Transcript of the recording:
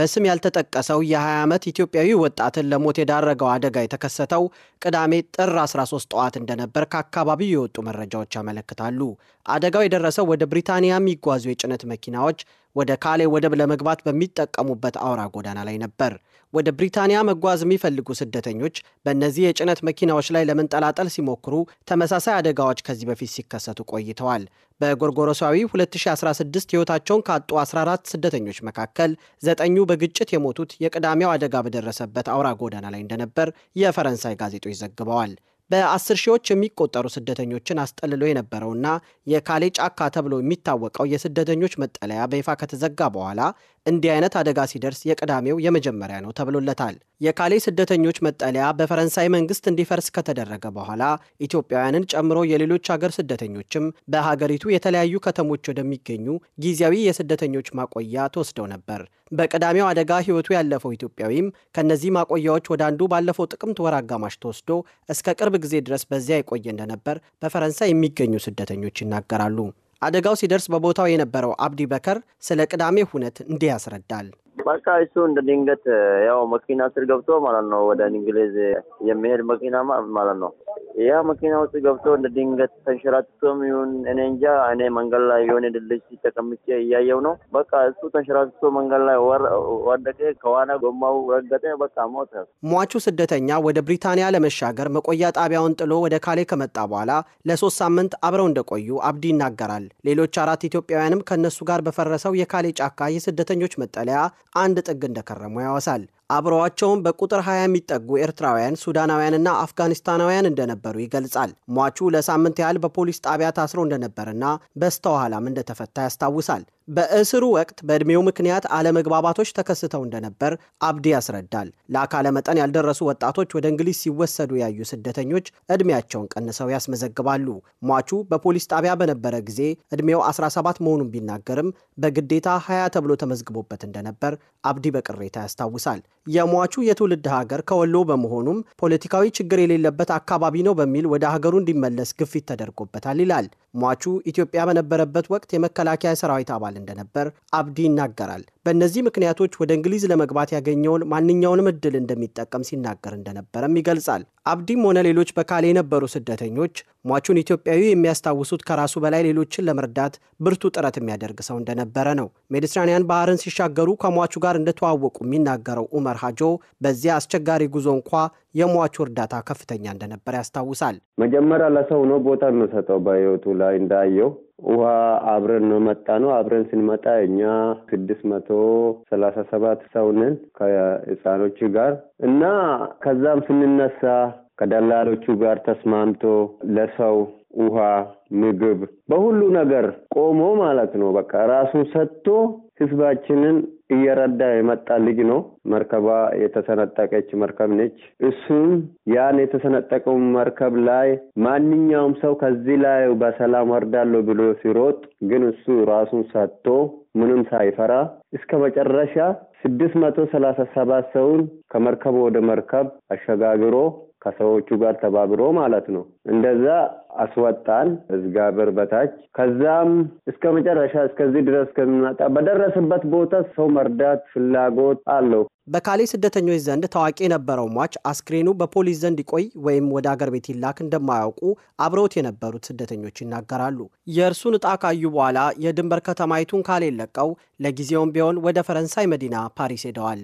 በስም ያልተጠቀሰው የ20 ዓመት ኢትዮጵያዊ ወጣትን ለሞት የዳረገው አደጋ የተከሰተው ቅዳሜ ጥር 13 ጠዋት እንደነበር ከአካባቢው የወጡ መረጃዎች ያመለክታሉ። አደጋው የደረሰው ወደ ብሪታንያ የሚጓዙ የጭነት መኪናዎች ወደ ካሌ ወደብ ለመግባት በሚጠቀሙበት አውራ ጎዳና ላይ ነበር። ወደ ብሪታንያ መጓዝ የሚፈልጉ ስደተኞች በእነዚህ የጭነት መኪናዎች ላይ ለመንጠላጠል ሲሞክሩ ተመሳሳይ አደጋዎች ከዚህ በፊት ሲከሰቱ ቆይተዋል። በጎርጎሮሳዊ 2016 ሕይወታቸውን ካጡ 14 ስደተኞች መካከል ዘጠኙ በግጭት የሞቱት የቅዳሜው አደጋ በደረሰበት አውራ ጎዳና ላይ እንደነበር የፈረንሳይ ጋዜጦች ዘግበዋል። በአስር ሺዎች የሚቆጠሩ ስደተኞችን አስጠልሎ የነበረውና የካሌ ጫካ ተብሎ የሚታወቀው የስደተኞች መጠለያ በይፋ ከተዘጋ በኋላ እንዲህ አይነት አደጋ ሲደርስ የቀዳሚው የመጀመሪያ ነው ተብሎለታል። የካሌ ስደተኞች መጠለያ በፈረንሳይ መንግስት እንዲፈርስ ከተደረገ በኋላ ኢትዮጵያውያንን ጨምሮ የሌሎች ሀገር ስደተኞችም በሀገሪቱ የተለያዩ ከተሞች ወደሚገኙ ጊዜያዊ የስደተኞች ማቆያ ተወስደው ነበር። በቀዳሚው አደጋ ህይወቱ ያለፈው ኢትዮጵያዊም ከእነዚህ ማቆያዎች ወደ አንዱ ባለፈው ጥቅምት ወር አጋማሽ ተወስዶ እስከ ቅርብ ጊዜ ድረስ በዚያ የቆየ እንደነበር በፈረንሳይ የሚገኙ ስደተኞች ይናገራሉ። አደጋው ሲደርስ በቦታው የነበረው አብዲ በከር ስለ ቅዳሜ ሁነት እንዲህ ያስረዳል። በቃ እሱ እንደ ድንገት ያው መኪና ስር ገብቶ ማለት ነው። ወደ እንግሊዝ የሚሄድ መኪና ማለት ነው። ያ መኪና ውስጥ ገብቶ እንደ ድንገት ተንሸራትቶም ይሁን እኔ እንጃ። እኔ መንገድ ላይ የሆነ ድልጅ ተቀምጬ እያየው ነው። በቃ እሱ ተንሸራትቶ መንገድ ላይ ወደቀ፣ ከዋና ጎማው ረገጠ፣ በቃ ሞተ። ሟቹ ስደተኛ ወደ ብሪታንያ ለመሻገር መቆያ ጣቢያውን ጥሎ ወደ ካሌ ከመጣ በኋላ ለሶስት ሳምንት አብረው እንደቆዩ አብዲ ይናገራል። ሌሎች አራት ኢትዮጵያውያንም ከእነሱ ጋር በፈረሰው የካሌ ጫካ የስደተኞች መጠለያ አንድ ጥግ እንደከረሙ ያወሳል። አብረዋቸውም በቁጥር 20 የሚጠጉ ኤርትራውያን፣ ሱዳናውያንና አፍጋኒስታናውያን እንደነበሩ ይገልጻል። ሟቹ ለሳምንት ያህል በፖሊስ ጣቢያ ታስሮ እንደነበርና በስተኋላም እንደተፈታ ያስታውሳል። በእስሩ ወቅት በዕድሜው ምክንያት አለመግባባቶች ተከስተው እንደነበር አብዲ ያስረዳል። ለአካለ መጠን ያልደረሱ ወጣቶች ወደ እንግሊዝ ሲወሰዱ ያዩ ስደተኞች ዕድሜያቸውን ቀንሰው ያስመዘግባሉ። ሟቹ በፖሊስ ጣቢያ በነበረ ጊዜ ዕድሜው 17 መሆኑን ቢናገርም በግዴታ 20 ተብሎ ተመዝግቦበት እንደነበር አብዲ በቅሬታ ያስታውሳል። የሟቹ የትውልድ ሀገር ከወሎ በመሆኑም ፖለቲካዊ ችግር የሌለበት አካባቢ ነው በሚል ወደ ሀገሩ እንዲመለስ ግፊት ተደርጎበታል ይላል። ሟቹ ኢትዮጵያ በነበረበት ወቅት የመከላከያ ሰራዊት አባል እንደነበር አብዲ ይናገራል። በእነዚህ ምክንያቶች ወደ እንግሊዝ ለመግባት ያገኘውን ማንኛውንም እድል እንደሚጠቀም ሲናገር እንደነበረም ይገልጻል። አብዲም ሆነ ሌሎች በካሌ የነበሩ ስደተኞች ሟቹን ኢትዮጵያዊ የሚያስታውሱት ከራሱ በላይ ሌሎችን ለመርዳት ብርቱ ጥረት የሚያደርግ ሰው እንደነበረ ነው። ሜዲትራኒያን ባህርን ሲሻገሩ ከሟቹ ጋር እንደተዋወቁ የሚናገረው ኡመር መርሃጆ በዚያ አስቸጋሪ ጉዞ እንኳ የሟቹ እርዳታ ከፍተኛ እንደነበር ያስታውሳል። መጀመሪያ ለሰው ነው ቦታ የምሰጠው በህይወቱ ላይ እንዳየው ውሃ አብረን ነው መጣ ነው። አብረን ስንመጣ እኛ ስድስት መቶ ሰላሳ ሰባት ሰው ነን ከህፃኖች ጋር እና ከዛም ስንነሳ ከደላሎቹ ጋር ተስማምቶ ለሰው ውሃ፣ ምግብ በሁሉ ነገር ቆሞ ማለት ነው በቃ ራሱን ሰጥቶ ህዝባችንን እየረዳ የመጣ ልጅ ነው። መርከቧ የተሰነጠቀች መርከብ ነች። እሱም ያን የተሰነጠቀው መርከብ ላይ ማንኛውም ሰው ከዚህ ላይ በሰላም ወርዳለሁ ብሎ ሲሮጥ ግን እሱ ራሱን ሰጥቶ ምንም ሳይፈራ እስከ መጨረሻ ስድስት መቶ ሰላሳ ሰባት ሰውን ከመርከብ ወደ መርከብ አሸጋግሮ ከሰዎቹ ጋር ተባብሮ ማለት ነው። እንደዛ አስወጣን እዝጋብር በታች ከዛም እስከ መጨረሻ እስከዚህ ድረስ እስከምናጣ በደረስበት ቦታ ሰው መርዳት ፍላጎት አለው። በካሌ ስደተኞች ዘንድ ታዋቂ የነበረው ሟች አስክሬኑ በፖሊስ ዘንድ ይቆይ ወይም ወደ አገር ቤት ይላክ እንደማያውቁ አብረውት የነበሩት ስደተኞች ይናገራሉ። የእርሱን እጣ ካዩ በኋላ የድንበር ከተማይቱን ካሌ ለቀው ለጊዜውም ቢሆን ወደ ፈረንሳይ መዲና ፓሪስ ሄደዋል።